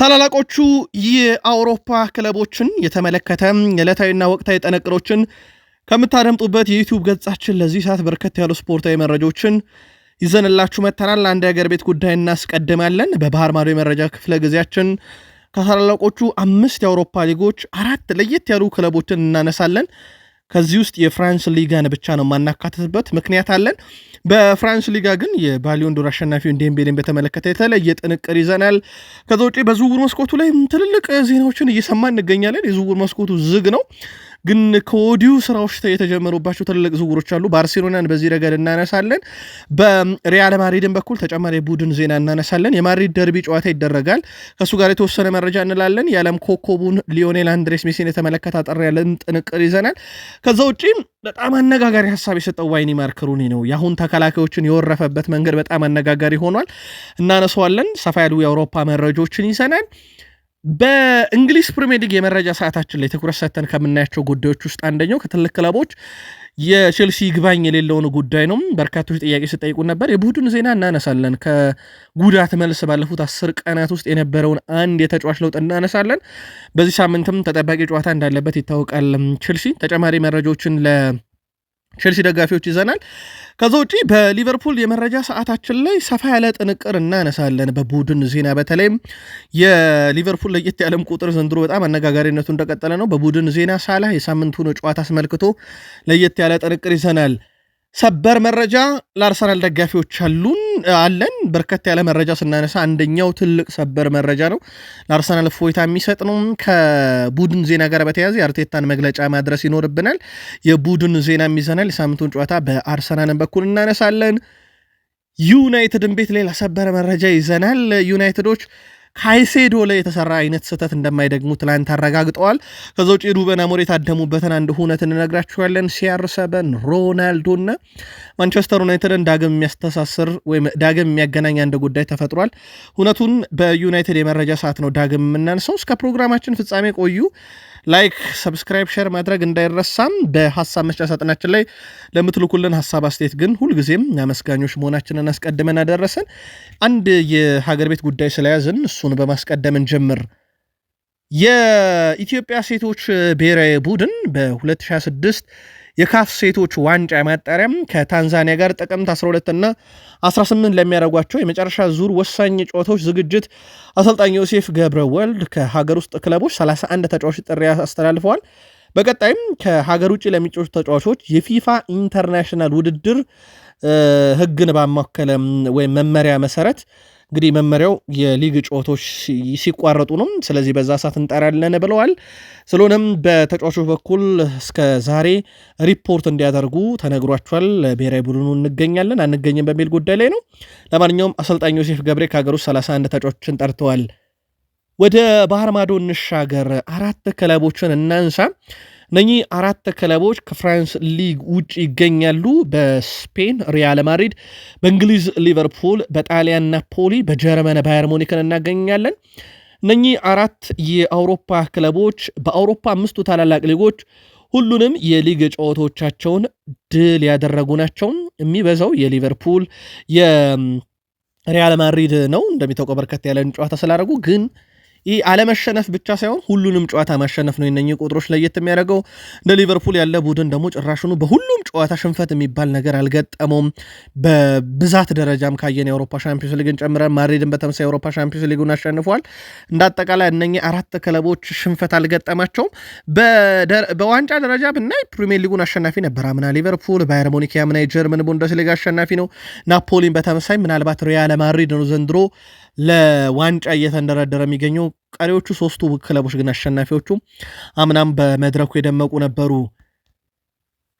ታላላቆቹ የአውሮፓ ክለቦችን የተመለከተ ዕለታዊና ወቅታዊ ጠነቅሮችን ከምታደምጡበት የዩቲዩብ ገጻችን ለዚህ ሰዓት በርከት ያሉ ስፖርታዊ መረጃዎችን ይዘንላችሁ መተናል። አንድ የሀገር ቤት ጉዳይ እናስቀድማለን። በባህር ማዶ የመረጃ ክፍለ ጊዜያችን ከታላላቆቹ አምስት የአውሮፓ ሊጎች አራት ለየት ያሉ ክለቦችን እናነሳለን። ከዚህ ውስጥ የፍራንስ ሊጋን ብቻ ነው የማናካትትበት ምክንያት አለን። በፍራንስ ሊጋ ግን የባሊዮንዶር አሸናፊውን ዴምቤሌን በተመለከተ የተለየ ጥንቅር ይዘናል። ከዛ ውጪ በዝውውር መስኮቱ ላይ ትልልቅ ዜናዎችን እየሰማ እንገኛለን። የዝውውር መስኮቱ ዝግ ነው። ግን ከወዲሁ ስራዎች የተጀመሩባቸው ትልልቅ ዝውውሮች አሉ። ባርሴሎናን በዚህ ረገድ እናነሳለን። በሪያል ማድሪድን በኩል ተጨማሪ የቡድን ዜና እናነሳለን። የማድሪድ ደርቢ ጨዋታ ይደረጋል። ከእሱ ጋር የተወሰነ መረጃ እንላለን። የዓለም ኮከቡን ሊዮኔል አንድሬስ ሜሲን የተመለከተ አጠር ያለን ጥንቅር ይዘናል። ከዛ ውጪ በጣም አነጋጋሪ ሀሳብ የሰጠው ዋይኒ ማርክሩኒ ነው። የአሁን ተከላካዮችን የወረፈበት መንገድ በጣም አነጋጋሪ ሆኗል። እናነሰዋለን። ሰፋ ያሉ የአውሮፓ መረጃዎችን ይዘናል። በእንግሊዝ ፕሪሚየር ሊግ የመረጃ ሰዓታችን ላይ ትኩረት ሰጥተን ከምናያቸው ጉዳዮች ውስጥ አንደኛው ከትልቅ ክለቦች የቼልሲ ይግባኝ የሌለውን ጉዳይ ነው። በርካቶች ጥያቄ ስጠይቁ ነበር። የቡድን ዜና እናነሳለን። ከጉዳት መልስ ባለፉት አስር ቀናት ውስጥ የነበረውን አንድ የተጫዋች ለውጥ እናነሳለን። በዚህ ሳምንትም ተጠባቂ ጨዋታ እንዳለበት ይታወቃል። ቼልሲ ተጨማሪ መረጃዎችን ቼልሲ ደጋፊዎች ይዘናል። ከዛ ውጪ በሊቨርፑል የመረጃ ሰዓታችን ላይ ሰፋ ያለ ጥንቅር እናነሳለን። በቡድን ዜና በተለይም የሊቨርፑል ለየት ያለም ቁጥር ዘንድሮ በጣም አነጋጋሪነቱ እንደቀጠለ ነው። በቡድን ዜና ሳላህ የሳምንቱን ጨዋታ አስመልክቶ ለየት ያለ ጥንቅር ይዘናል። ሰበር መረጃ ለአርሰናል ደጋፊዎች አሉን አለን። በርከት ያለ መረጃ ስናነሳ አንደኛው ትልቅ ሰበር መረጃ ነው፣ ለአርሰናል እፎይታ የሚሰጥ ነው። ከቡድን ዜና ጋር በተያያዘ የአርቴታን መግለጫ ማድረስ ይኖርብናል። የቡድን ዜና ይዘናል። የሳምንቱን ጨዋታ በአርሰናልን በኩል እናነሳለን። ዩናይትድን ቤት ሌላ ሰበር መረጃ ይዘናል። ዩናይትዶች ካይሴዶ ላይ የተሰራ አይነት ስህተት እንደማይደግሙ ትላንት አረጋግጠዋል። ከዛ ውጭ ሩበን አሞሪም የታደሙበትን አንድ ሁነት እንነግራችኋለን። ሲአር ሰበን ሮናልዶና ማንቸስተር ዩናይትድን ዳግም የሚያስተሳስር ወይም ዳግም የሚያገናኝ አንድ ጉዳይ ተፈጥሯል። ሁነቱን በዩናይትድ የመረጃ ሰዓት ነው ዳግም የምናንሰው። እስከ ፕሮግራማችን ፍጻሜ ቆዩ። ላይክ፣ ሰብስክራይብ፣ ሼር ማድረግ እንዳይረሳም። በሀሳብ መስጫ ሳጥናችን ላይ ለምትልኩልን ሀሳብ አስተያየት ግን ሁልጊዜም አመስጋኞች መሆናችንን አስቀድመን አደረሰን። አንድ የሀገር ቤት ጉዳይ ስለያዝን እሱን በማስቀደም እንጀምር። የኢትዮጵያ ሴቶች ብሔራዊ ቡድን በ2026 የካፍ ሴቶች ዋንጫ ማጣሪያም ከታንዛኒያ ጋር ጥቅምት 12 እና 18 ለሚያደርጓቸው የመጨረሻ ዙር ወሳኝ ጨዋታዎች ዝግጅት አሰልጣኝ ዮሴፍ ገብረ ወልድ ከሀገር ውስጥ ክለቦች 31 ተጫዋች ጥሪ አስተላልፈዋል። በቀጣይም ከሀገር ውጭ ለሚጫወቱ ተጫዋቾች የፊፋ ኢንተርናሽናል ውድድር ሕግን ባማከለ ወይም መመሪያ መሰረት እንግዲህ መመሪያው የሊግ ጨዋታዎች ሲቋረጡ ነው። ስለዚህ በዛ ሰዓት እንጠራለን ብለዋል። ስለሆነም በተጫዋቾች በኩል እስከ ዛሬ ሪፖርት እንዲያደርጉ ተነግሯቸዋል። ብሔራዊ ቡድኑ እንገኛለን አንገኝም በሚል ጉዳይ ላይ ነው። ለማንኛውም አሰልጣኝ ዮሴፍ ገብሬ ከሀገር ውስጥ 31 ተጫዋቾችን ጠርተዋል። ወደ ባህር ማዶ እንሻገር። አራት ክለቦችን እናንሳ። እነኚህ አራት ክለቦች ከፍራንስ ሊግ ውጭ ይገኛሉ። በስፔን ሪያል ማድሪድ፣ በእንግሊዝ ሊቨርፑል፣ በጣሊያን ናፖሊ፣ በጀርመን ባየር ሙኒክን እናገኛለን። እነኚህ አራት የአውሮፓ ክለቦች በአውሮፓ አምስቱ ታላላቅ ሊጎች ሁሉንም የሊግ ጨዋታዎቻቸውን ድል ያደረጉ ናቸው። የሚበዛው የሊቨርፑል የሪያል ማድሪድ ነው። እንደሚታወቀው በርከት ያለን ጨዋታ ስላደረጉ ግን ይህ አለመሸነፍ ብቻ ሳይሆን ሁሉንም ጨዋታ ማሸነፍ ነው። የነኚህ ቁጥሮች ለየት የሚያደርገው እንደ ሊቨርፑል ያለ ቡድን ደግሞ ጭራሽኑ በሁሉም ጨዋታ ሽንፈት የሚባል ነገር አልገጠመውም። በብዛት ደረጃም ካየን የአውሮፓ ሻምፒዮንስ ሊግን ጨምረን ማድሪድን በተመሳይ የአውሮፓ ሻምፒዮንስ ሊጉን አሸንፏል። እንደ አጠቃላይ እነኚህ አራት ክለቦች ሽንፈት አልገጠማቸውም። በዋንጫ ደረጃ ብናይ ፕሪሚየር ሊጉን አሸናፊ ነበር አምና ሊቨርፑል፣ ባየር ሙኒክ ያምና የጀርመን ሊግ አሸናፊ ነው። ናፖሊን በተመሳይ ምናልባት ሪያል ማድሪድ ነው ዘንድሮ ለዋንጫ እየተንደረደረ የሚገኘው ቀሪዎቹ ሶስቱ ክለቦች ግን አሸናፊዎቹ አምናም በመድረኩ የደመቁ ነበሩ።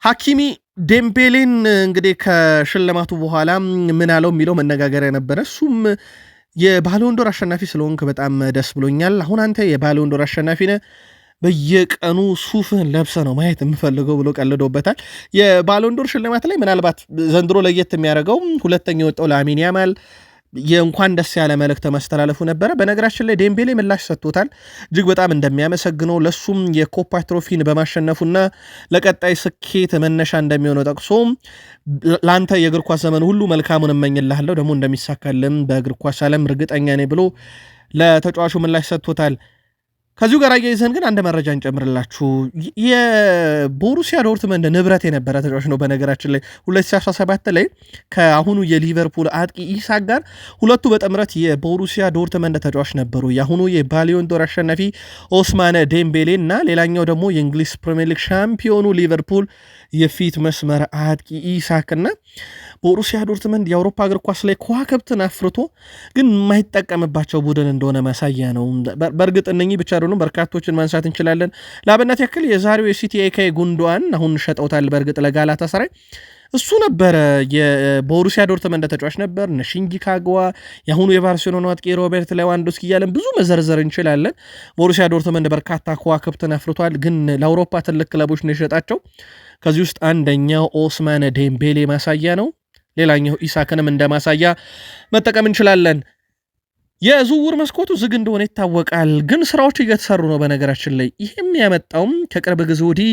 ሐኪሚ ዴምቤሌን እንግዲህ ከሽልማቱ በኋላ ምን አለው የሚለው መነጋገሪያ ነበረ። እሱም የባሎንዶር አሸናፊ ስለሆንክ በጣም ደስ ብሎኛል። አሁን አንተ የባሎንዶር አሸናፊ ነ በየቀኑ ሱፍህን ለብሰ ነው ማየት የምፈልገው ብሎ ቀልዶበታል። የባሎንዶር ሽልማት ላይ ምናልባት ዘንድሮ ለየት የሚያደርገው ሁለተኛ የወጣው ላሚን ያማል የእንኳን ደስ ያለ መልእክት ማስተላለፉ ነበረ። በነገራችን ላይ ዴምቤሌ ምላሽ ሰጥቶታል። እጅግ በጣም እንደሚያመሰግነው ለሱም የኮፓ ትሮፊን በማሸነፉና ለቀጣይ ስኬት መነሻ እንደሚሆነው ጠቅሶ ለአንተ የእግር ኳስ ዘመን ሁሉ መልካሙን እመኝልሃለሁ ደግሞ እንደሚሳካልም በእግር ኳስ ዓለም እርግጠኛ ነኝ ብሎ ለተጫዋቹ ምላሽ ሰጥቶታል። ከዚሁ ጋር አያይዘን ግን አንድ መረጃ እንጨምርላችሁ። የቦሩሲያ ዶርትመንድ ንብረት የነበረ ተጫዋች ነው። በነገራችን ላይ 2017 ላይ ከአሁኑ የሊቨርፑል አጥቂ ኢሳክ ጋር ሁለቱ በጥምረት የቦሩሲያ ዶርትመንድ ተጫዋች ነበሩ። የአሁኑ የባሊዮን ዶር አሸናፊ ኦስማነ ዴምቤሌ እና ሌላኛው ደግሞ የእንግሊዝ ፕሪሚየር ሊግ ሻምፒዮኑ ሊቨርፑል የፊት መስመር አጥቂ ኢሳቅና ቦሩሲያ ዶርትመንድ የአውሮፓ እግር ኳስ ላይ ከዋክብትን አፍርቶ ግን የማይጠቀምባቸው ቡድን እንደሆነ ማሳያ ነው። በእርግጥ እነኚህ ብቻ ሁሉም በርካቶችን ማንሳት እንችላለን። ለአብነት ያክል የዛሬው የሲቲ ኤካይ ጉንዶዋን አሁን ሸጠውታል። በእርግጥ ለጋላታ ሰራይ እሱ ነበረ የቦሩሲያ ዶርትመንድ ተጫዋች ነበር። እነ ሺንጂ ካግዋ፣ የአሁኑ የባርሴሎና አጥቂ ሮቤርት ሌዋንዶስኪ እያለን ብዙ መዘርዘር እንችላለን። ቦሩሲያ ዶርትመንድ በርካታ ከዋክብትን አፍርቷል፣ ግን ለአውሮፓ ትልቅ ክለቦች ነው የሸጣቸው። ከዚህ ውስጥ አንደኛው ኦስማን ዴምቤሌ ማሳያ ነው። ሌላኛው ኢሳክንም እንደ ማሳያ መጠቀም እንችላለን። የዝውውር መስኮቱ ዝግ እንደሆነ ይታወቃል፣ ግን ስራዎች እየተሰሩ ነው። በነገራችን ላይ ይህም ያመጣውም ከቅርብ ጊዜ ወዲህ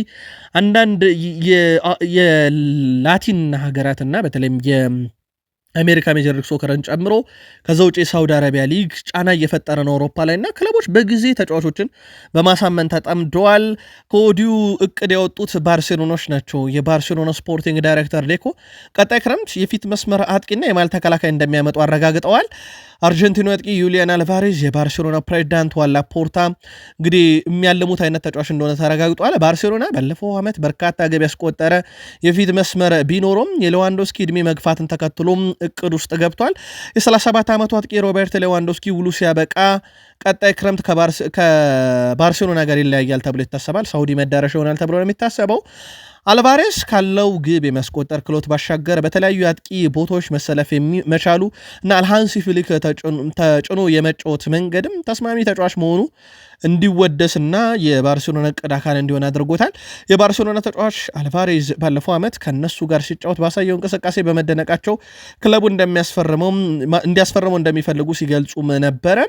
አንዳንድ የላቲን ሀገራትና በተለይም አሜሪካ ሜጀር ሊግ ሶከርን ጨምሮ ከዛ ውጭ የሳውዲ አረቢያ ሊግ ጫና እየፈጠረ ነው አውሮፓ ላይ እና ክለቦች በጊዜ ተጫዋቾችን በማሳመን ተጠምደዋል። ከወዲሁ እቅድ ያወጡት ባርሴሎኖች ናቸው። የባርሴሎና ስፖርቲንግ ዳይሬክተር ዴኮ ቀጣይ ክረምት የፊት መስመር አጥቂና የማል ተከላካይ እንደሚያመጡ አረጋግጠዋል። አርጀንቲኖ አጥቂ ዩሊያን አልቫሬዝ የባርሴሎና ፕሬዚዳንት ዋላ ፖርታ እንግዲህ የሚያልሙት አይነት ተጫዋች እንደሆነ ተረጋግጧል። ባርሴሎና ባለፈው ዓመት በርካታ ገቢ ያስቆጠረ የፊት መስመር ቢኖሮም የሌዋንዶስኪ እድሜ መግፋትን ተከትሎም እቅድ ውስጥ ገብቷል። የ37 ዓመቱ አጥቂ ሮበርት ሌዋንዶስኪ ውሉ ሲያበቃ ቀጣይ ክረምት ከባርሴሎና ጋር ይለያያል ተብሎ ይታሰባል። ሳውዲ መዳረሻ ይሆናል ተብሎ ነው የሚታሰበው። አልቫሬስ ካለው ግብ የማስቆጠር ክሎት ባሻገር በተለያዩ አጥቂ ቦታዎች መሰለፍ መቻሉ እና አልሃንሲ ፍሊክ ተጭኖ የመጫወት መንገድም ተስማሚ ተጫዋች መሆኑ እንዲወደስና የባርሴሎና እቅድ አካል እንዲሆን አድርጎታል። የባርሴሎና ተጫዋች አልቫሬዝ ባለፈው ዓመት ከእነሱ ጋር ሲጫወት ባሳየው እንቅስቃሴ በመደነቃቸው ክለቡ እንዲያስፈርመው እንደሚፈልጉ ሲገልጹም ነበረ።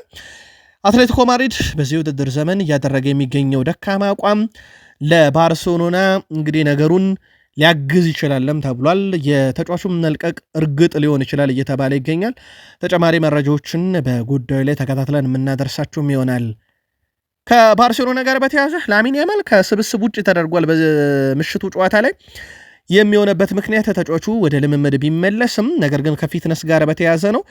አትሌቲኮ ማድሪድ በዚህ ውድድር ዘመን እያደረገ የሚገኘው ደካማ አቋም ለባርሴሎና እንግዲህ ነገሩን ሊያግዝ ይችላለም ተብሏል። የተጫዋቹም መልቀቅ እርግጥ ሊሆን ይችላል እየተባለ ይገኛል። ተጨማሪ መረጃዎችን በጉዳዩ ላይ ተከታትለን የምናደርሳችሁም ይሆናል። ከባርሴሎና ጋር በተያያዘ ላሚን ያማል ከስብስብ ውጭ ተደርጓል። በምሽቱ ጨዋታ ላይ የሚሆነበት ምክንያት ተጫዋቹ ወደ ልምምድ ቢመለስም ነገር ግን ከፊትነስ ጋር በተያያዘ ነው።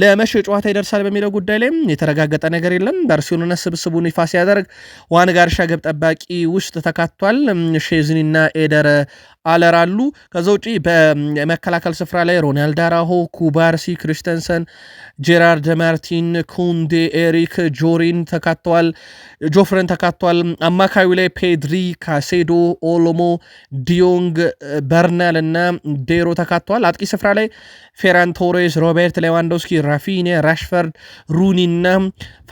ለመቼ ጨዋታ ይደርሳል በሚለው ጉዳይ ላይም የተረጋገጠ ነገር የለም። ባርሴሎና ስብስቡን ይፋ ሲያደርግ ዋን ጋርሻ ገብ ጠባቂ ውስጥ ተካቷል። ሼዝኒና ኤደር አለራሉ። አሉ። ከዛ ውጪ በመከላከል ስፍራ ላይ ሮናልድ አራሆ፣ ኩባርሲ፣ ክሪስተንሰን፣ ጄራርድ ማርቲን፣ ኩንዴ፣ ኤሪክ ጆሪን ተካተዋል። ጆፍረን ተካተዋል። አማካዩ ላይ ፔድሪ፣ ካሴዶ፣ ኦሎሞ፣ ዲዮንግ በርናል እና ዴሮ ተካተዋል። አጥቂ ስፍራ ላይ ፌራን ቶሬስ፣ ሮቤርት ሌዋንዶስኪ፣ ራፊኒያ፣ ራሽፈርድ፣ ሩኒ እና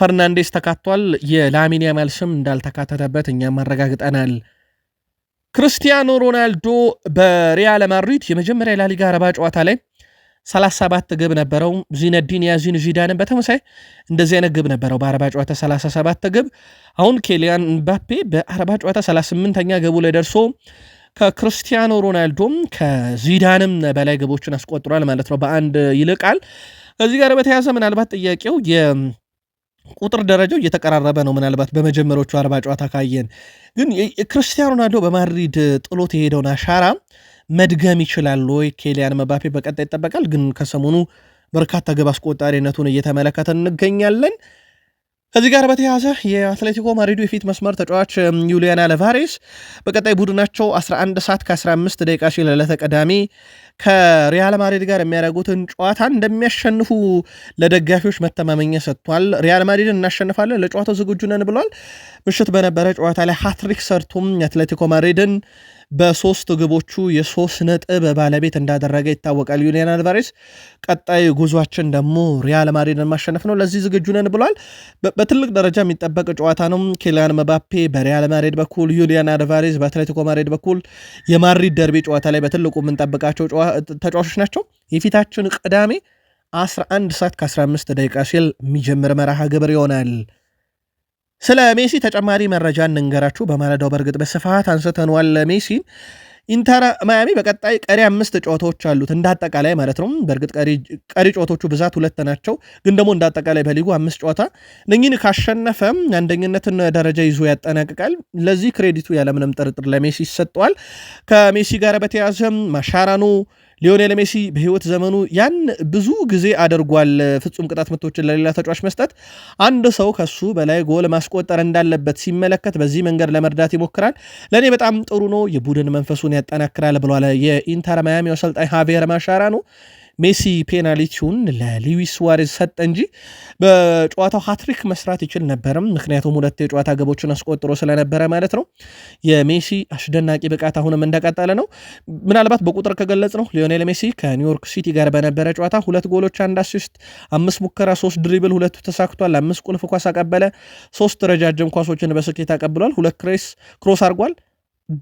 ፈርናንዴስ ተካተዋል። የላሚን ያማል ስም እንዳልተካተተበት እኛም አረጋግጠናል። ክርስቲያኖ ሮናልዶ በሪያል ማድሪድ የመጀመሪያ ላሊጋ አረባ ጨዋታ ላይ 37 ግብ ነበረው። ዚነዲን ያዚን ዚዳንን በተመሳይ እንደዚህ አይነት ግብ ነበረው በአርባ ጨዋታ 37 ግብ። አሁን ኬሊያን ምባፔ በአርባ ጨዋታ 38ኛ ግቡ ላይ ደርሶ ከክርስቲያኖ ሮናልዶም ከዚዳንም በላይ ግቦችን አስቆጥሯል ማለት ነው። በአንድ ይልቃል። እዚህ ጋር በተያያዘ ምናልባት ጥያቄው ቁጥር ደረጃው እየተቀራረበ ነው። ምናልባት በመጀመሪያዎቹ አርባ ጨዋታ ካየን ግን ክርስቲያኖ ሮናልዶ በማድሪድ ጥሎት የሄደውን አሻራ መድገም ይችላል ወይ? ኬሊያን መባፔ በቀጣይ ይጠበቃል። ግን ከሰሞኑ በርካታ ግብ አስቆጣሪነቱን እየተመለከተ እንገኛለን። ከዚህ ጋር በተያያዘ የአትሌቲኮ ማድሪዱ የፊት መስመር ተጫዋች ዩሊያን አልቫሬስ በቀጣይ ቡድናቸው 11 ሰዓት ከ15 ደቂቃ ሲል ዕለተ ቅዳሜ ከሪያል ማድሪድ ጋር የሚያደርጉትን ጨዋታ እንደሚያሸንፉ ለደጋፊዎች መተማመኛ ሰጥቷል። ሪያል ማድሪድን እናሸንፋለን፣ ለጨዋታው ዝግጁ ነን ብሏል። ምሽት በነበረ ጨዋታ ላይ ሃትሪክ ሰርቶም የአትሌቲኮ ማድሪድን በሶስት ግቦቹ የሶስት ነጥብ ባለቤት እንዳደረገ ይታወቃል። ዩሊያን አልቫሬስ ቀጣይ ጉዟችን ደግሞ ሪያል ማድሪድን ማሸነፍ ነው፣ ለዚህ ዝግጁ ነን ብሏል። በትልቅ ደረጃ የሚጠበቅ ጨዋታ ነው። ኪሊያን መባፔ በሪያል ማድሪድ በኩል፣ ዩሊያን አልቫሬስ በአትሌቲኮ ማድሪድ በኩል የማድሪድ ደርቤ ጨዋታ ላይ በትልቁ የምንጠብቃቸው ተጫዋቾች ናቸው። የፊታችን ቅዳሜ 11 ሰዓት ከ15 ደቂቃ ሲል የሚጀምር መርሃ ግብር ይሆናል። ስለ ሜሲ ተጨማሪ መረጃ እንንገራችሁ። በማለዳው በእርግጥ በስፋት አንስተነዋል። ሜሲን ኢንተር ማያሚ በቀጣይ ቀሪ አምስት ጨዋታዎች አሉት እንዳጠቃላይ ማለት ነው። በእርግጥ ቀሪ ጨዋታዎቹ ብዛት ሁለት ናቸው፣ ግን ደግሞ እንዳጠቃላይ በሊጉ አምስት ጨዋታ እነኝን ካሸነፈ አንደኝነትን ደረጃ ይዞ ያጠናቅቃል። ለዚህ ክሬዲቱ ያለምንም ጥርጥር ለሜሲ ይሰጠዋል። ከሜሲ ጋር በተያያዘ ማሻራኑ ሊዮኔል ሜሲ በህይወት ዘመኑ ያን ብዙ ጊዜ አድርጓል። ፍጹም ቅጣት ምቶችን ለሌላ ተጫዋች መስጠት፣ አንድ ሰው ከሱ በላይ ጎል ማስቆጠር እንዳለበት ሲመለከት በዚህ መንገድ ለመርዳት ይሞክራል። ለእኔ በጣም ጥሩ ነው፣ የቡድን መንፈሱን ያጠናክራል ብሏል የኢንተር ማያሚ አሰልጣኝ ሃቬር ማሻራ ነው ሜሲ ፔናልቲውን ለሉዊስ ሱዋሬዝ ሰጠ እንጂ በጨዋታው ሃትሪክ መስራት ይችል ነበርም። ምክንያቱም ሁለት የጨዋታ ገቦችን አስቆጥሮ ስለነበረ ማለት ነው። የሜሲ አስደናቂ ብቃት አሁንም እንደቀጠለ ነው። ምናልባት በቁጥር ከገለጽ ነው ሊዮኔል ሜሲ ከኒውዮርክ ሲቲ ጋር በነበረ ጨዋታ ሁለት ጎሎች፣ አንድ አሲስት፣ አምስት ሙከራ፣ ሶስት ድሪብል፣ ሁለቱ ተሳክቷል። አምስት ቁልፍ ኳስ አቀበለ። ሶስት ረጃጅም ኳሶችን በስኬት አቀብሏል። ሁለት ክሬስ ክሮስ አድርጓል።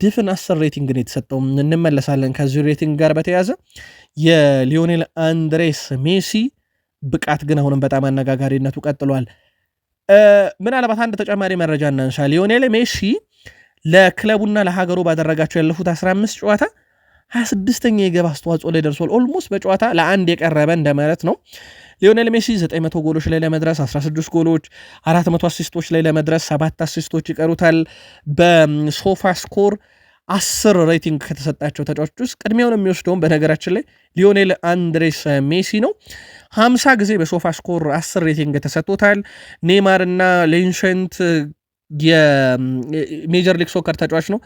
ድፍን አስር ሬቲንግ ነው የተሰጠው። እንመለሳለን ከዚሁ ሬቲንግ ጋር በተያዘ የሊዮኔል አንድሬስ ሜሲ ብቃት ግን አሁንም በጣም አነጋጋሪነቱ ቀጥሏል። ምናልባት አንድ ተጨማሪ መረጃ እናንሳ። ሊዮኔል ሜሲ ለክለቡና ለሀገሩ ባደረጋቸው ያለፉት 15 ጨዋታ 26ኛ የግብ አስተዋጽኦ ላይ ደርሷል። ኦልሞስት በጨዋታ ለአንድ የቀረበ እንደማለት ነው። ሊዮኔል ሜሲ 900 ጎሎች ላይ ለመድረስ 16 ጎሎች፣ 400 አሲስቶች ላይ ለመድረስ 7 አሲስቶች ይቀሩታል። በሶፋ ስኮር 10 ሬቲንግ ከተሰጣቸው ተጫዋቾች ውስጥ ቅድሚያውን የሚወስደውን በነገራችን ላይ ሊዮኔል አንድሬስ ሜሲ ነው። 50 ጊዜ በሶፋ ስኮር 10 ሬቲንግ ተሰጥቶታል። ኔይማር እና ሌንሸንት የሜጀር ሊግ ሶከር ተጫዋች ነው።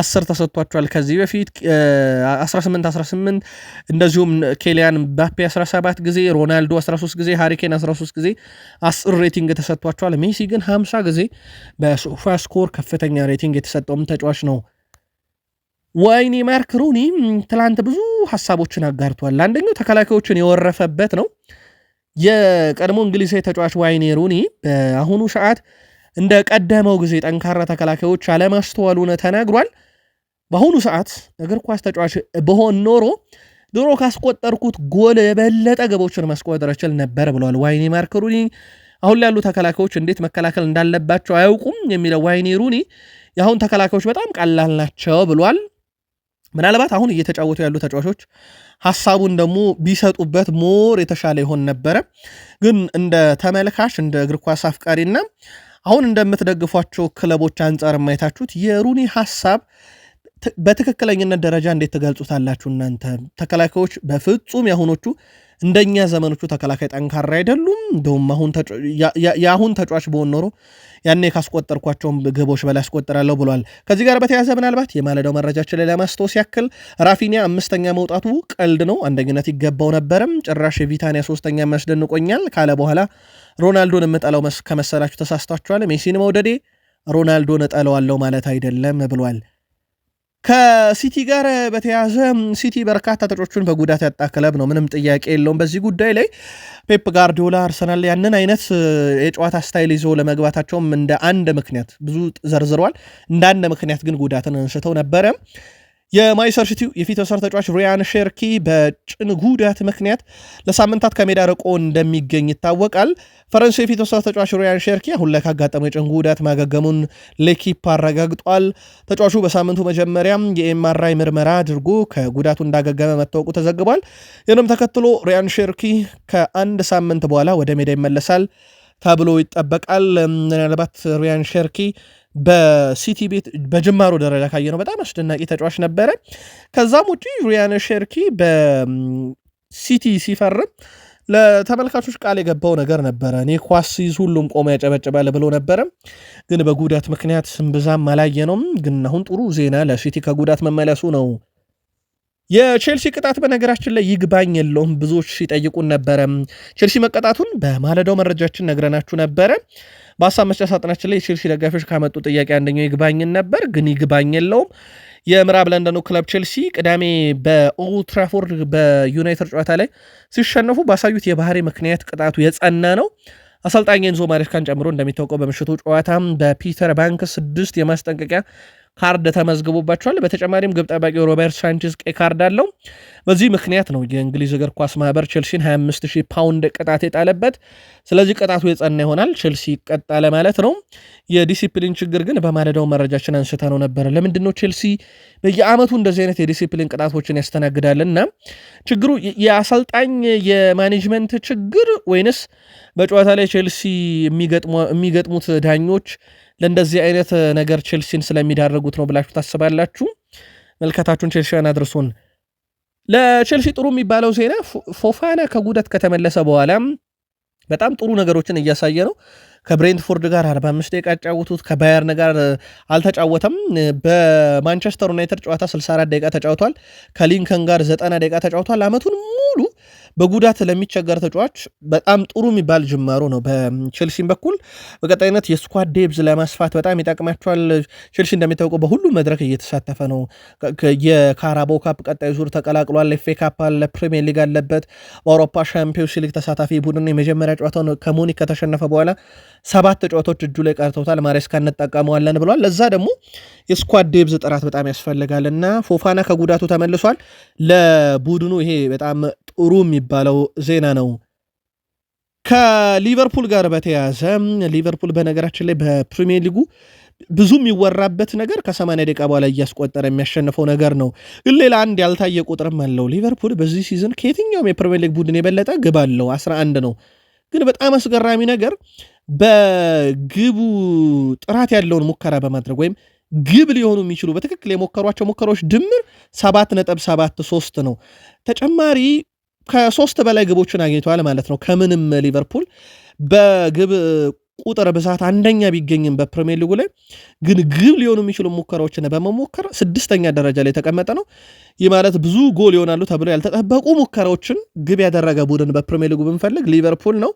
አስር ተሰጥቷቸዋል ከዚህ በፊት 18 18 እንደዚሁም ኬሊያን ባፔ 17 ጊዜ፣ ሮናልዶ 13 ጊዜ፣ ሃሪኬን 13 ጊዜ አስር ሬቲንግ ተሰጥቷቸዋል። ሜሲ ግን 50 ጊዜ በሶፋ ስኮር ከፍተኛ ሬቲንግ የተሰጠውም ተጫዋች ነው። ወይኔ ማርክ ሩኒ ትላንት ብዙ ሀሳቦችን አጋርቷል። አንደኛው ተከላካዮችን የወረፈበት ነው። የቀድሞ እንግሊዛዊ ተጫዋች ዋይኔ ሩኒ በአሁኑ ሰዓት እንደ ቀደመው ጊዜ ጠንካራ ተከላካዮች አለማስተዋሉን ተናግሯል። በአሁኑ ሰዓት እግር ኳስ ተጫዋች በሆን ኖሮ ድሮ ካስቆጠርኩት ጎል የበለጠ ግቦችን ማስቆጠር እችል ነበር ብለዋል ዋይኒ ማርክ ሩኒ። አሁን ላይ ያሉ ተከላካዮች እንዴት መከላከል እንዳለባቸው አያውቁም የሚለው ዋይኒ ሩኒ የአሁን ተከላካዮች በጣም ቀላል ናቸው ብሏል። ምናልባት አሁን እየተጫወቱ ያሉ ተጫዋቾች ሀሳቡን ደግሞ ቢሰጡበት ሞር የተሻለ ይሆን ነበረ። ግን እንደ ተመልካች እንደ እግር ኳስ አፍቃሪና አሁን እንደምትደግፏቸው ክለቦች አንጻር የማየታችሁት የሩኒ ሀሳብ በትክክለኝነት ደረጃ እንዴት ትገልጹታላችሁ እናንተ ተከላካዮች? በፍጹም ያሁኖቹ እንደኛ ዘመኖቹ ተከላካይ ጠንካራ አይደሉም። እንደውም የአሁን ተጫዋች በሆን ኖሮ ያኔ ካስቆጠርኳቸውም ግቦች በላይ አስቆጠራለሁ ብሏል። ከዚህ ጋር በተያያዘ ምናልባት የማለዳው መረጃችን ላይ ለማስታወስ ያክል ራፊኒያ አምስተኛ መውጣቱ ቀልድ ነው፣ አንደኝነት ይገባው ነበረም፣ ጭራሽ ቪታኒያ ሶስተኛ የሚያስደንቆኛል ካለ በኋላ ሮናልዶን የምጠለው ከመሰላችሁ ተሳስታችኋል። ሜሲን መውደዴ ሮናልዶን እጠለዋለሁ ማለት አይደለም ብሏል። ከሲቲ ጋር በተያያዘ ሲቲ በርካታ ተጫዋቾችን በጉዳት ያጣ ክለብ ነው፣ ምንም ጥያቄ የለውም። በዚህ ጉዳይ ላይ ፔፕ ጋርዲዮላ አርሰናል ያንን አይነት የጨዋታ ስታይል ይዞ ለመግባታቸውም እንደ አንድ ምክንያት ብዙ ዘርዝሯል። እንደ አንድ ምክንያት ግን ጉዳትን አንስተው ነበረ። የማይሰር ሲቲው የፊት ወሰር ተጫዋች ሪያን ሼርኪ በጭን ጉዳት ምክንያት ለሳምንታት ከሜዳ ርቆ እንደሚገኝ ይታወቃል። ፈረንሳይ የፊት ወሰር ተጫዋች ሪያን ሼርኪ አሁን ላይ ካጋጠመው የጭን ጉዳት ማገገሙን ሌኪፕ አረጋግጧል። ተጫዋቹ በሳምንቱ መጀመሪያም የኤምአርአይ ምርመራ አድርጎ ከጉዳቱ እንዳገገመ መታወቁ ተዘግቧል። ይህንም ተከትሎ ሪያን ሼርኪ ከአንድ ሳምንት በኋላ ወደ ሜዳ ይመለሳል ተብሎ ይጠበቃል። ምናልባት ሪያን ሼርኪ በሲቲ ቤት በጅማሮ ደረጃ ካየነው በጣም አስደናቂ ተጫዋች ነበረ። ከዛም ውጪ ሪያን ሼርኪ በሲቲ ሲፈርም ለተመልካቾች ቃል የገባው ነገር ነበረ። እኔ ኳስ ሲይዝ ሁሉም ቆመ ያጨበጭባል ብሎ ነበረ። ግን በጉዳት ምክንያት እምብዛም አላየነውም። ግን አሁን ጥሩ ዜና ለሲቲ ከጉዳት መመለሱ ነው። የቼልሲ ቅጣት በነገራችን ላይ ይግባኝ የለውም ብዙዎች ሲጠይቁን ነበረ። ቼልሲ መቀጣቱን በማለዳው መረጃችን ነግረናችሁ ነበረ። በሀሳብ መስጫ ሳጥናችን ላይ የቼልሲ ደጋፊዎች ካመጡ ጥያቄ አንደኛው ይግባኝን ነበር፣ ግን ይግባኝ የለውም። የምዕራብ ለንደኑ ክለብ ቼልሲ ቅዳሜ በኦልትራፎርድ በዩናይትድ ጨዋታ ላይ ሲሸነፉ ባሳዩት የባህሪ ምክንያት ቅጣቱ የጸና ነው። አሰልጣኝ ኤንዞ ማሬስካን ጨምሮ እንደሚታወቀው በምሽቱ ጨዋታ በፒተር ባንክ ስድስት የማስጠንቀቂያ ካርድ ተመዝግቦባቸዋል። በተጨማሪም ግብ ጠባቂ ሮበርት ሳንቼዝ ቀይ ካርድ አለው። በዚህ ምክንያት ነው የእንግሊዝ እግር ኳስ ማህበር ቼልሲን 25000 ፓውንድ ቅጣት የጣለበት። ስለዚህ ቅጣቱ የጸና ይሆናል፣ ቼልሲ ይቀጣል ማለት ነው። የዲሲፕሊን ችግር ግን በማለዳው መረጃችን አንስተ ነው ነበረ። ለምንድን ነው ቼልሲ በየአመቱ እንደዚህ አይነት የዲሲፕሊን ቅጣቶችን ያስተናግዳል እና ችግሩ የአሰልጣኝ የማኔጅመንት ችግር ወይንስ በጨዋታ ላይ ቼልሲ የሚገጥሙት ዳኞች ለእንደዚህ አይነት ነገር ቼልሲን ስለሚዳረጉት ነው ብላችሁ ታስባላችሁ? መልከታችሁን ቼልሲያን አድርሱን። ለቼልሲ ጥሩ የሚባለው ዜና ፎፋና ከጉዳት ከተመለሰ በኋላ በጣም ጥሩ ነገሮችን እያሳየ ነው። ከብሬንትፎርድ ጋር 45 ደቂቃ ያጫወቱት ከባየርን ጋር አልተጫወተም። በማንቸስተር ዩናይትድ ጨዋታ 64 ደቂቃ ተጫውቷል። ከሊንከን ጋር 90 ደቂቃ ተጫውቷል። አመቱን ሙሉ በጉዳት ለሚቸገር ተጫዋች በጣም ጥሩ የሚባል ጅማሮ ነው። በቼልሲም በኩል በቀጣይነት የስኳድ ዴብዝ ለማስፋት በጣም ይጠቅማቸዋል። ቼልሲ እንደሚታወቀው በሁሉም መድረክ እየተሳተፈ ነው። የካራቦ ካፕ ቀጣይ ዙር ተቀላቅሏል። ኤፌ ካፕ አለ፣ ፕሪሚየር ሊግ አለበት። በአውሮፓ ሻምፒዮንስ ሊግ ተሳታፊ ቡድን የመጀመሪያ ጨዋታውን ከሙኒክ ከተሸነፈ በኋላ ሰባት ተጫዋቾች እጁ ላይ ቀርተውታል። ማሬስካ እንጠቀመዋለን ብሏል። ለዛ ደግሞ የስኳድ ዴብዝ ጥራት በጣም ያስፈልጋል እና ፎፋና ከጉዳቱ ተመልሷል። ለቡድኑ ይሄ በጣም ጥሩ የሚባለው ዜና ነው። ከሊቨርፑል ጋር በተያያዘ ሊቨርፑል በነገራችን ላይ በፕሪሚየር ሊጉ ብዙ የሚወራበት ነገር ከ ደቂቃ በኋላ እያስቆጠረ የሚያሸንፈው ነገር ነው። ግን ሌላ አንድ ያልታየ ቁጥርም አለው። ሊቨርፑል በዚህ ሲዝን ከየትኛውም የፕሪሚየር ሊግ ቡድን የበለጠ ግብ አለው፣ 11 ነው። ግን በጣም አስገራሚ ነገር በግቡ ጥራት ያለውን ሙከራ በማድረግ ወይም ግብ ሊሆኑ የሚችሉ በትክክል የሞከሯቸው ሙከራዎች ድምር ሰባት ነጥብ ሰባት ሶስት ነው። ተጨማሪ ከሶስት በላይ ግቦችን አግኝተዋል ማለት ነው። ከምንም ሊቨርፑል በግብ ቁጥር ብዛት አንደኛ ቢገኝም በፕሪሚየር ሊጉ ላይ ግን ግብ ሊሆኑ የሚችሉ ሙከራዎችን በመሞከር ስድስተኛ ደረጃ ላይ የተቀመጠ ነው። ይህ ማለት ብዙ ጎል ይሆናሉ ተብሎ ያልተጠበቁ ሙከራዎችን ግብ ያደረገ ቡድን በፕሪሚየር ሊጉ ብንፈልግ ሊቨርፑል ነው።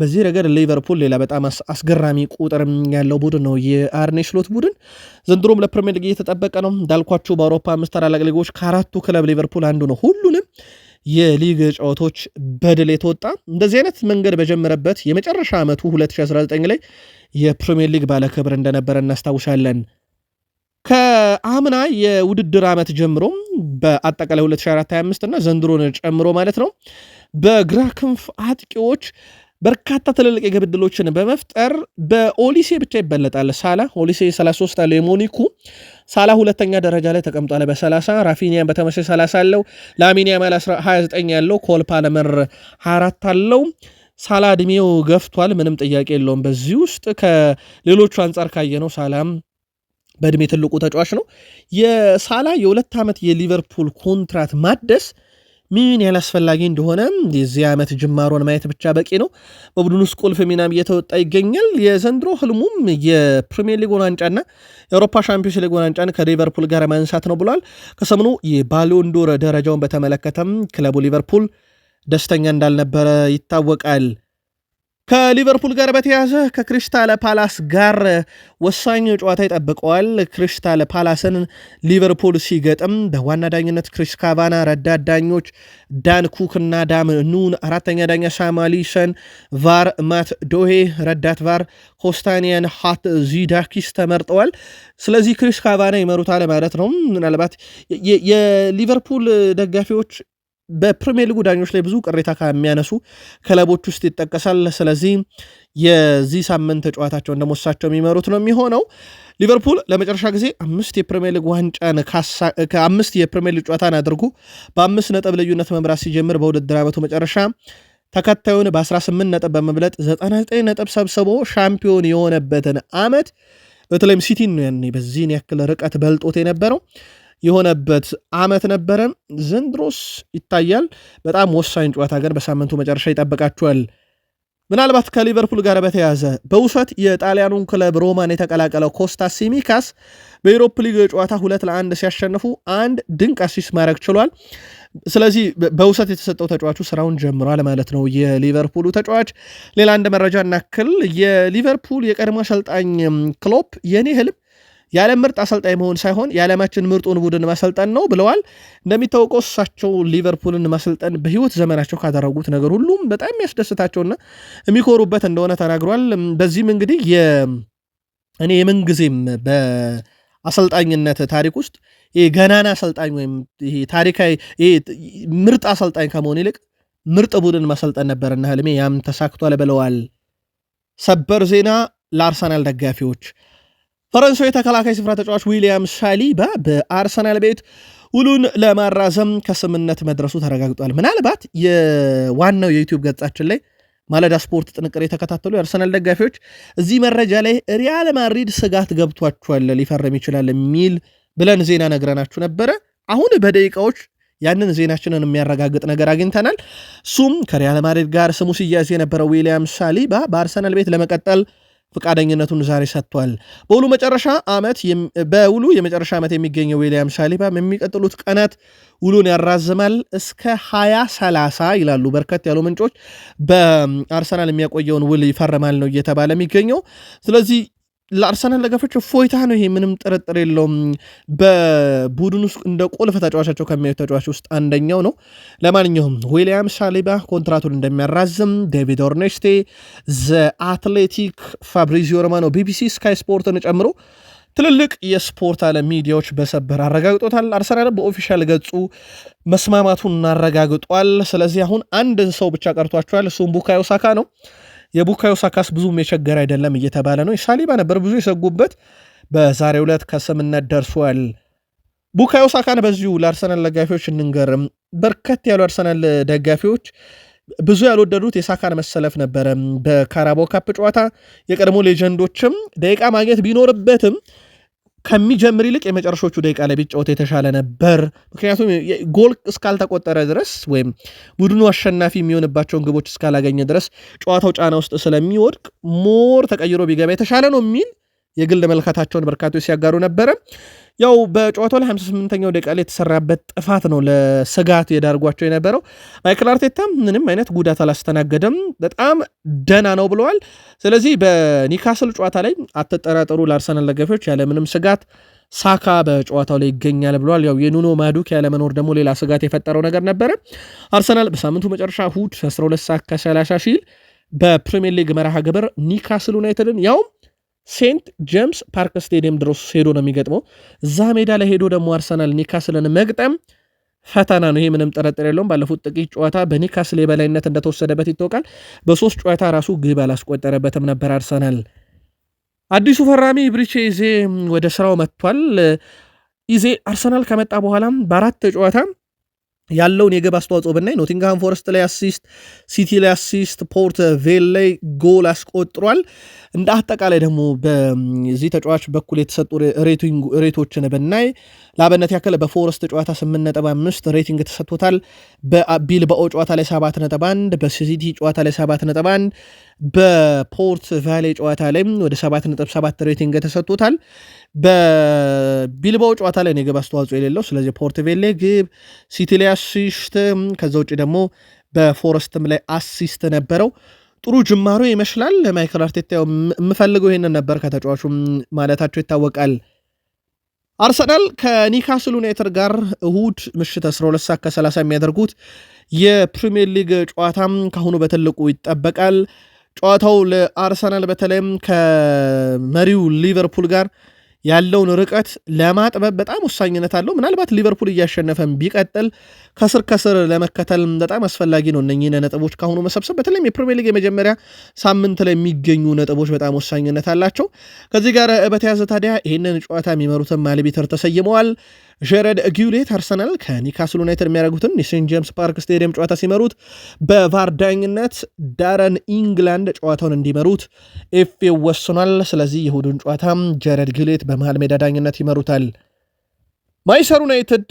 በዚህ ረገድ ሊቨርፑል ሌላ በጣም አስገራሚ ቁጥር ያለው ቡድን ነው። የአርኔ ስሎት ቡድን ዘንድሮም ለፕሪሚየር ሊግ እየተጠበቀ ነው። እንዳልኳችሁ በአውሮፓ አምስት ታላላቅ ሊጎች ከአራቱ ክለብ ሊቨርፑል አንዱ ነው። ሁሉንም የሊግ ጨዋታዎች በድል የተወጣ እንደዚህ አይነት መንገድ በጀመረበት የመጨረሻ ዓመቱ 2019 ላይ የፕሪሚየር ሊግ ባለክብር እንደነበረ እናስታውሳለን። ከአምና የውድድር ዓመት ጀምሮ በአጠቃላይ 2425 እና ዘንድሮን ጨምሮ ማለት ነው በግራ ክንፍ አጥቂዎች በርካታ ትልልቅ የግብ ዕድሎችን በመፍጠር በኦሊሴ ብቻ ይበለጣል። ሳላ ኦሊሴ 33 አለው የሞኒኩ ሳላ ሁለተኛ ደረጃ ላይ ተቀምጧል በ30 ራፊኒያን በተመሳሳይ 30 አለው። ላሚን ያማል 29 ያለው ኮል ፓልመር 24 አለው። ሳላ እድሜው ገፍቷል፣ ምንም ጥያቄ የለውም። በዚህ ውስጥ ከሌሎቹ አንጻር ካየ ነው ሳላም በእድሜ ትልቁ ተጫዋች ነው። የሳላ የሁለት ዓመት የሊቨርፑል ኮንትራት ማደስ ምን ያህል አስፈላጊ እንደሆነ የዚህ ዓመት ጅማሮን ማየት ብቻ በቂ ነው። በቡድን ውስጥ ቁልፍ ሚናም እየተወጣ ይገኛል። የዘንድሮ ህልሙም የፕሪሚየር ሊጉን ዋንጫና የአውሮፓ ሻምፒዮንስ ሊግ ዋንጫን ከሊቨርፑል ጋር ማንሳት ነው ብሏል። ከሰምኑ የባሎንዶር ደረጃውን በተመለከተም ክለቡ ሊቨርፑል ደስተኛ እንዳልነበረ ይታወቃል። ከሊቨርፑል ጋር በተያያዘ ከክሪስታል ፓላስ ጋር ወሳኝ ጨዋታ ይጠብቀዋል። ክሪስታል ፓላስን ሊቨርፑል ሲገጥም በዋና ዳኝነት ክሪስ ካቫና፣ ረዳት ዳኞች ዳን ኩክ እና ዳም ኑን፣ አራተኛ ዳኛ ሳማሊሰን፣ ቫር ማት ዶሄ፣ ረዳት ቫር ኮስታኒያን ሃት ዚዳኪስ ተመርጠዋል። ስለዚህ ክሪስ ካቫና ይመሩታል ማለት ነው። ምናልባት የሊቨርፑል ደጋፊዎች በፕሪሚየር ሊጉ ዳኞች ላይ ብዙ ቅሬታ ከሚያነሱ ክለቦች ውስጥ ይጠቀሳል። ስለዚህ የዚህ ሳምንት ጨዋታቸውን ደግሞ እሳቸው የሚመሩት ነው የሚሆነው። ሊቨርፑል ለመጨረሻ ጊዜ አምስት የፕሪሚየር ሊግ ዋንጫን ከአምስት የፕሪሚየር ሊግ ጨዋታን አድርጎ በአምስት ነጥብ ልዩነት መምራት ሲጀምር በውድድር ዓመቱ መጨረሻ ተከታዩን በ18 ነጥብ በመብለጥ 99 ነጥብ ሰብስቦ ሻምፒዮን የሆነበትን ዓመት በተለይም ሲቲን ነው ያኔ በዚህን ያክል ርቀት በልጦት የነበረው የሆነበት አመት ነበረ። ዘንድሮስ ይታያል። በጣም ወሳኝ ጨዋታ ግን በሳምንቱ መጨረሻ ይጠበቃቸዋል። ምናልባት ከሊቨርፑል ጋር በተያዘ በውሰት የጣሊያኑን ክለብ ሮማን የተቀላቀለው ኮስታ ሲሚካስ በዩሮፕ ሊግ ጨዋታ ሁለት ለአንድ ሲያሸንፉ አንድ ድንቅ አሲስ ማድረግ ችሏል። ስለዚህ በውሰት የተሰጠው ተጫዋቹ ስራውን ጀምሯል ማለት ነው የሊቨርፑሉ ተጫዋች። ሌላ አንድ መረጃ እናክል። የሊቨርፑል የቀድሞ አሰልጣኝ ክሎፕ የኔ ህልም የዓለም ምርጥ አሰልጣኝ መሆን ሳይሆን የዓለማችን ምርጡን ቡድን ማሰልጠን ነው ብለዋል። እንደሚታወቀው እሳቸው ሊቨርፑልን ማሰልጠን በህይወት ዘመናቸው ካደረጉት ነገር ሁሉም በጣም የሚያስደስታቸውና የሚኮሩበት እንደሆነ ተናግሯል። በዚህም እንግዲህ እኔ የምንጊዜም በአሰልጣኝነት ታሪክ ውስጥ ይሄ ገናና አሰልጣኝ ወይም ታሪካዊ ምርጥ አሰልጣኝ ከመሆን ይልቅ ምርጥ ቡድን ማሰልጠን ነበርና ህልሜ ያም ተሳክቷል ብለዋል። ሰበር ዜና ለአርሰናል ደጋፊዎች ፈረንሳዊ ተከላካይ ስፍራ ተጫዋች ዊሊያም ሻሊባ በአርሰናል ቤት ውሉን ለማራዘም ከስምነት መድረሱ ተረጋግጧል። ምናልባት የዋናው የዩቲዩብ ገጻችን ላይ ማለዳ ስፖርት ጥንቅር የተከታተሉ የአርሰናል ደጋፊዎች እዚህ መረጃ ላይ ሪያል ማድሪድ ስጋት ገብቷቸዋል፣ ሊፈርም ይችላል የሚል ብለን ዜና ነግረናችሁ ነበረ። አሁን በደቂቃዎች ያንን ዜናችንን የሚያረጋግጥ ነገር አግኝተናል። እሱም ከሪያል ማድሪድ ጋር ስሙ ሲያዝ የነበረው ዊሊያም ሳሊባ በአርሰናል ቤት ለመቀጠል ፈቃደኝነቱን ዛሬ ሰጥቷል። በውሉ መጨረሻ ዓመት በውሉ የመጨረሻ ዓመት የሚገኘው ዊሊያም ሳሊባ የሚቀጥሉት ቀናት ውሉን ያራዝማል እስከ 2030 ይላሉ በርከት ያሉ ምንጮች። በአርሰናል የሚያቆየውን ውል ይፈርማል ነው እየተባለ የሚገኘው። ስለዚህ ለአርሰናል ደጋፊዎች እፎይታ ነው። ይሄ ምንም ጥርጥር የለውም። በቡድን ውስጥ እንደ ቁልፍ ተጫዋቻቸው ከሚያዩት ተጫዋች ውስጥ አንደኛው ነው። ለማንኛውም ዊሊያም ሳሊባ ኮንትራቱን እንደሚያራዝም ዴቪድ ኦርኔስቴ፣ ዘ አትሌቲክ፣ ፋብሪዚዮ ሮማኖ፣ ቢቢሲ፣ ስካይ ስፖርትን ጨምሮ ትልልቅ የስፖርት ዓለም ሚዲያዎች በሰበር አረጋግጦታል። አርሰናል በኦፊሻል ገጹ መስማማቱን አረጋግጧል። ስለዚህ አሁን አንድ ሰው ብቻ ቀርቷቸዋል። እሱም ቡካዮ ሳካ ነው። የቡካዮ ሳካስ ብዙም የቸገረ አይደለም እየተባለ ነው። ሳሊባ ነበር ብዙ የሰጉበት፣ በዛሬው ዕለት ከስምነት ደርሷል። ቡካዮ ሳካን በዚሁ ለአርሰናል ደጋፊዎች እንንገርም። በርከት ያሉ አርሰናል ደጋፊዎች ብዙ ያልወደዱት የሳካን መሰለፍ ነበረ በካራባው ካፕ ጨዋታ። የቀድሞ ሌጀንዶችም ደቂቃ ማግኘት ቢኖርበትም ከሚጀምር ይልቅ የመጨረሻዎቹ ደቂቃ ላይ ቢጫወት የተሻለ ነበር። ምክንያቱም ጎል እስካልተቆጠረ ድረስ ወይም ቡድኑ አሸናፊ የሚሆንባቸውን ግቦች እስካላገኘ ድረስ ጨዋታው ጫና ውስጥ ስለሚወድቅ ሞር ተቀይሮ ቢገባ የተሻለ ነው የሚል የግል መልካታቸውን በርካቶች ሲያጋሩ ነበረ። ያው በጨዋታው ላይ 58ኛው ደቂቃ ላይ የተሰራበት ጥፋት ነው ለስጋት የዳርጓቸው የነበረው። ማይክል አርቴታ ምንም አይነት ጉዳት አላስተናገደም፣ በጣም ደና ነው ብለዋል። ስለዚህ በኒካስል ጨዋታ ላይ አትጠራጠሩ፣ ለአርሰናል ደጋፊዎች ያለምንም ስጋት ሳካ በጨዋታው ላይ ይገኛል ብለዋል። ያው የኑኖ ማዱክ ያለመኖር ደግሞ ሌላ ስጋት የፈጠረው ነገር ነበረ። አርሰናል በሳምንቱ መጨረሻ እሁድ 12 ሰዓት ከ30 ሲል በፕሪሚየር ሊግ መርሃ ግብር ኒካስል ዩናይትድን ያውም ሴንት ጄምስ ፓርክ ስቴዲየም ድረስ ሄዶ ነው የሚገጥመው። እዛ ሜዳ ላይ ሄዶ ደግሞ አርሰናል ኒካስልን መግጠም ፈተና ነው። ይሄ ምንም ጥርጥር የለውም። ባለፉት ጥቂት ጨዋታ በኒካስል የበላይነት እንደተወሰደበት ይታወቃል። በሶስት ጨዋታ ራሱ ግብ አላስቆጠረበትም ነበር አርሰናል። አዲሱ ፈራሚ ብሪቼ ይዜ ወደ ስራው መጥቷል። ይዜ አርሰናል ከመጣ በኋላም በአራት ጨዋታ ያለውን የግብ አስተዋጽኦ ብናይ ኖቲንግሃም ፎረስት ላይ አሲስት፣ ሲቲ ላይ አሲስት፣ ፖርት ቬል ላይ ጎል አስቆጥሯል። እንደ አጠቃላይ ደግሞ በዚህ ተጫዋች በኩል የተሰጡ ሬቶችን ብናይ ለአብነት ያክል በፎረስት ጨዋታ 8.5 ሬቲንግ ተሰጥቶታል። በቢልባኦ ጨዋታ ላይ 7.1፣ በሲቲ ጨዋታ ላይ 7.1፣ በፖርት ቫሌ ጨዋታ ላይም ወደ 7.7 ሬቲንግ ተሰጥቶታል። በቢልባኦ ጨዋታ ላይ የግብ አስተዋጽኦ የሌለው ስለዚህ ፖርት ቬሌ ግብ፣ ሲቲ ላይ አሲስት፣ ከዛ ውጭ ደግሞ በፎረስትም ላይ አሲስት ነበረው። ጥሩ ጅማሮ ይመስላል። ማይክል አርቴታ የምፈልገው ይህንን ነበር ከተጫዋቹ ማለታቸው ይታወቃል። አርሰናል ከኒካስል ዩናይትድ ጋር እሁድ ምሽት 12 ሰዓት ከ30 የሚያደርጉት የፕሪሚየር ሊግ ጨዋታም ካሁኑ በትልቁ ይጠበቃል። ጨዋታው ለአርሰናል በተለይም ከመሪው ሊቨርፑል ጋር ያለውን ርቀት ለማጥበብ በጣም ወሳኝነት አለው። ምናልባት ሊቨርፑል እያሸነፈን ቢቀጥል ከስር ከስር ለመከተል በጣም አስፈላጊ ነው። እነኚህን ነጥቦች ካሁኑ መሰብሰብ በተለይም የፕሪሚየር ሊግ የመጀመሪያ ሳምንት ላይ የሚገኙ ነጥቦች በጣም ወሳኝነት አላቸው። ከዚህ ጋር በተያዘ ታዲያ ይህንን ጨዋታ የሚመሩትን ማልቤተር ተሰይመዋል። ጀረድ ጊውሌት አርሰናል ከኒካስል ዩናይትድ የሚያደርጉትን የሴንት ጄምስ ፓርክ ስቴዲየም ጨዋታ ሲመሩት በቫርዳኝነት ዳረን ኢንግላንድ ጨዋታውን እንዲመሩት ኤፌ ወስኗል። ስለዚህ የእሁዱን ጨዋታ ጀረድ ጊውሌት በመሃል ሜዳ ዳኝነት ይመሩታል። ማይሰር ዩናይትድ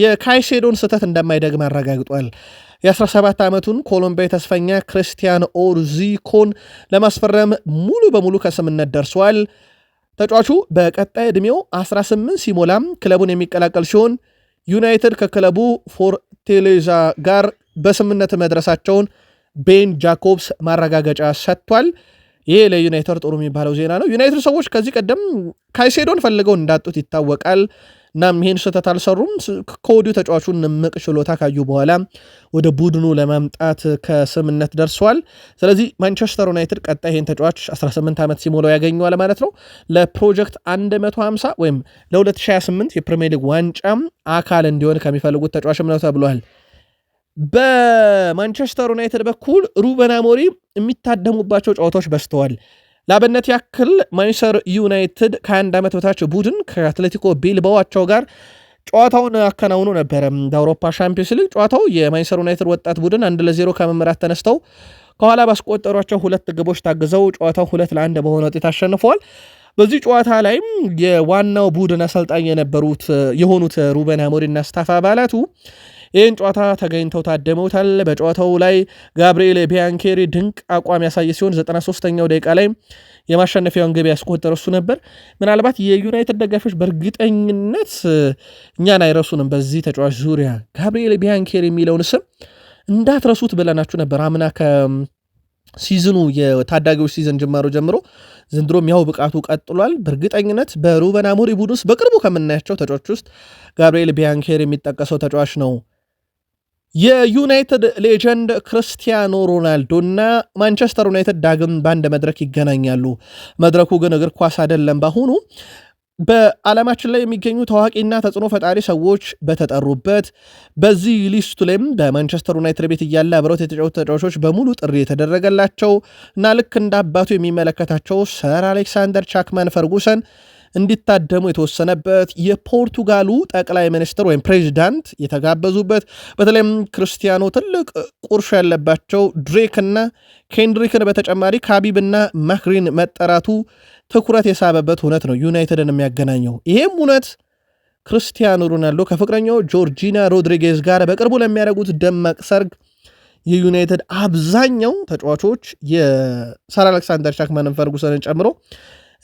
የካይሴዶን ስህተት እንደማይደግም አረጋግጧል። የ17 ዓመቱን ኮሎምቢያ ተስፈኛ ክርስቲያን ኦርዚኮን ለማስፈረም ሙሉ በሙሉ ከስምነት ደርሷል። ተጫዋቹ በቀጣይ ዕድሜው 18 ሲሞላም ክለቡን የሚቀላቀል ሲሆን ዩናይትድ ከክለቡ ፎርቴሌዛ ጋር በስምነት መድረሳቸውን ቤን ጃኮብስ ማረጋገጫ ሰጥቷል። ይሄ ለዩናይትድ ጥሩ የሚባለው ዜና ነው። ዩናይትድ ሰዎች ከዚህ ቀደም ካይሴዶን ፈልገው እንዳጡት ይታወቃል። እናም ይሄን ስህተት አልሰሩም። ከወዲሁ ተጫዋቹን እምቅ ችሎታ ካዩ በኋላ ወደ ቡድኑ ለማምጣት ከስምነት ደርሰዋል። ስለዚህ ማንቸስተር ዩናይትድ ቀጣይ ይሄን ተጫዋች 18 ዓመት ሲሞላው ያገኘዋል ማለት ነው። ለፕሮጀክት 150 ወይም ለ2028 የፕሪሚየር ሊግ ዋንጫም አካል እንዲሆን ከሚፈልጉት ተጫዋችም ነው ተብሏል። በማንቸስተር ዩናይትድ በኩል ሩበን ሞሪ የሚታደሙባቸው ጨዋታዎች በዝተዋል። ለአብነት ያክል ማንቸስተር ዩናይትድ ከአንድ ዓመት በታች ቡድን ከአትሌቲኮ ቢልባዋቸው ጋር ጨዋታውን አከናውኖ ነበረ። በአውሮፓ ሻምፒዮንስ ሊግ ጨዋታው የማንቸስተር ዩናይትድ ወጣት ቡድን አንድ ለዜሮ ከመምራት ተነስተው ከኋላ ባስቆጠሯቸው ሁለት ግቦች ታግዘው ጨዋታው ሁለት ለአንድ በሆነ ውጤት አሸንፈዋል። በዚህ ጨዋታ ላይም የዋናው ቡድን አሰልጣኝ የነበሩት የሆኑት ሩበን አሞሪና ስታፍ አባላቱ ይህን ጨዋታ ተገኝተው ታደመውታል። በጨዋታው ላይ ጋብርኤል ቢያንኬሪ ድንቅ አቋም ያሳየ ሲሆን 93ኛው ደቂቃ ላይ የማሸነፊያውን ገቢ ያስቆጠረ እሱ ነበር። ምናልባት የዩናይትድ ደጋፊዎች በእርግጠኝነት እኛን አይረሱንም። በዚህ ተጫዋች ዙሪያ ጋብርኤል ቢያንኬሪ የሚለውን ስም እንዳትረሱት ብለናችሁ ነበር አምና ሲዝኑ የታዳጊዎች ሲዝን ጅማሮ ጀምሮ ዘንድሮም ያው ብቃቱ ቀጥሏል። በእርግጠኝነት በሩበን አሞሪም ቡድን ውስጥ በቅርቡ ከምናያቸው ተጫዋች ውስጥ ጋብርኤል ቢያንኬር የሚጠቀሰው ተጫዋች ነው። የዩናይትድ ሌጀንድ ክርስቲያኖ ሮናልዶ እና ማንቸስተር ዩናይትድ ዳግም በአንድ መድረክ ይገናኛሉ። መድረኩ ግን እግር ኳስ አይደለም። በአሁኑ በዓለማችን ላይ የሚገኙ ታዋቂና ተጽዕኖ ፈጣሪ ሰዎች በተጠሩበት በዚህ ሊስቱ ላይም በማንቸስተር ዩናይትድ ቤት እያለ አብረውት የተጫወቱ ተጫዋቾች በሙሉ ጥሪ የተደረገላቸው እና ልክ እንደ አባቱ የሚመለከታቸው ሰር አሌክሳንደር ቻክማን ፈርጉሰን እንዲታደሙ የተወሰነበት የፖርቱጋሉ ጠቅላይ ሚኒስትር ወይም ፕሬዚዳንት የተጋበዙበት በተለይም ክርስቲያኖ ትልቅ ቁርሾ ያለባቸው ድሬክና ኬንድሪክን በተጨማሪ ካቢብና ማክሪን መጠራቱ ትኩረት የሳበበት እውነት ነው ዩናይትድን የሚያገናኘው። ይሄም እውነት ክርስቲያኖ ሮናልዶ ከፍቅረኛው ጆርጂና ሮድሪጌዝ ጋር በቅርቡ ለሚያደርጉት ደማቅ ሰርግ የዩናይትድ አብዛኛው ተጫዋቾች የሰር አሌክሳንደር ሻክማንን ፈርጉሰንን ጨምሮ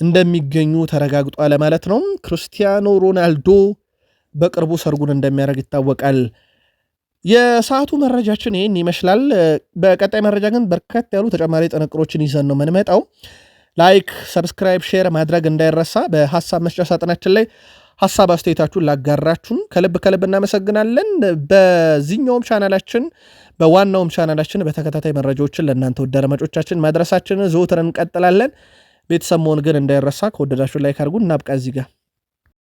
እንደሚገኙ ተረጋግጧል ማለት ነው። ክርስቲያኖ ሮናልዶ በቅርቡ ሰርጉን እንደሚያደርግ ይታወቃል። የሰዓቱ መረጃችን ይህን ይመስላል። በቀጣይ መረጃ ግን በርከት ያሉ ተጨማሪ ጥንቅሮችን ይዘን ነው የምንመጣው። ላይክ፣ ሰብስክራይብ፣ ሼር ማድረግ እንዳይረሳ። በሀሳብ መስጫ ሳጥናችን ላይ ሀሳብ አስተያየታችሁን ላጋራችሁን ከልብ ከልብ እናመሰግናለን። በዚህኛውም ቻናላችን በዋናውም ቻናላችን በተከታታይ መረጃዎችን ለእናንተ ውድ አድማጮቻችን ማድረሳችን ዘውትር እንቀጥላለን። ቤተሰብ መሆን ግን እንዳይረሳ። ከወደዳችሁ ላይክ አድርጉ። እናብቃ እዚህ ጋር።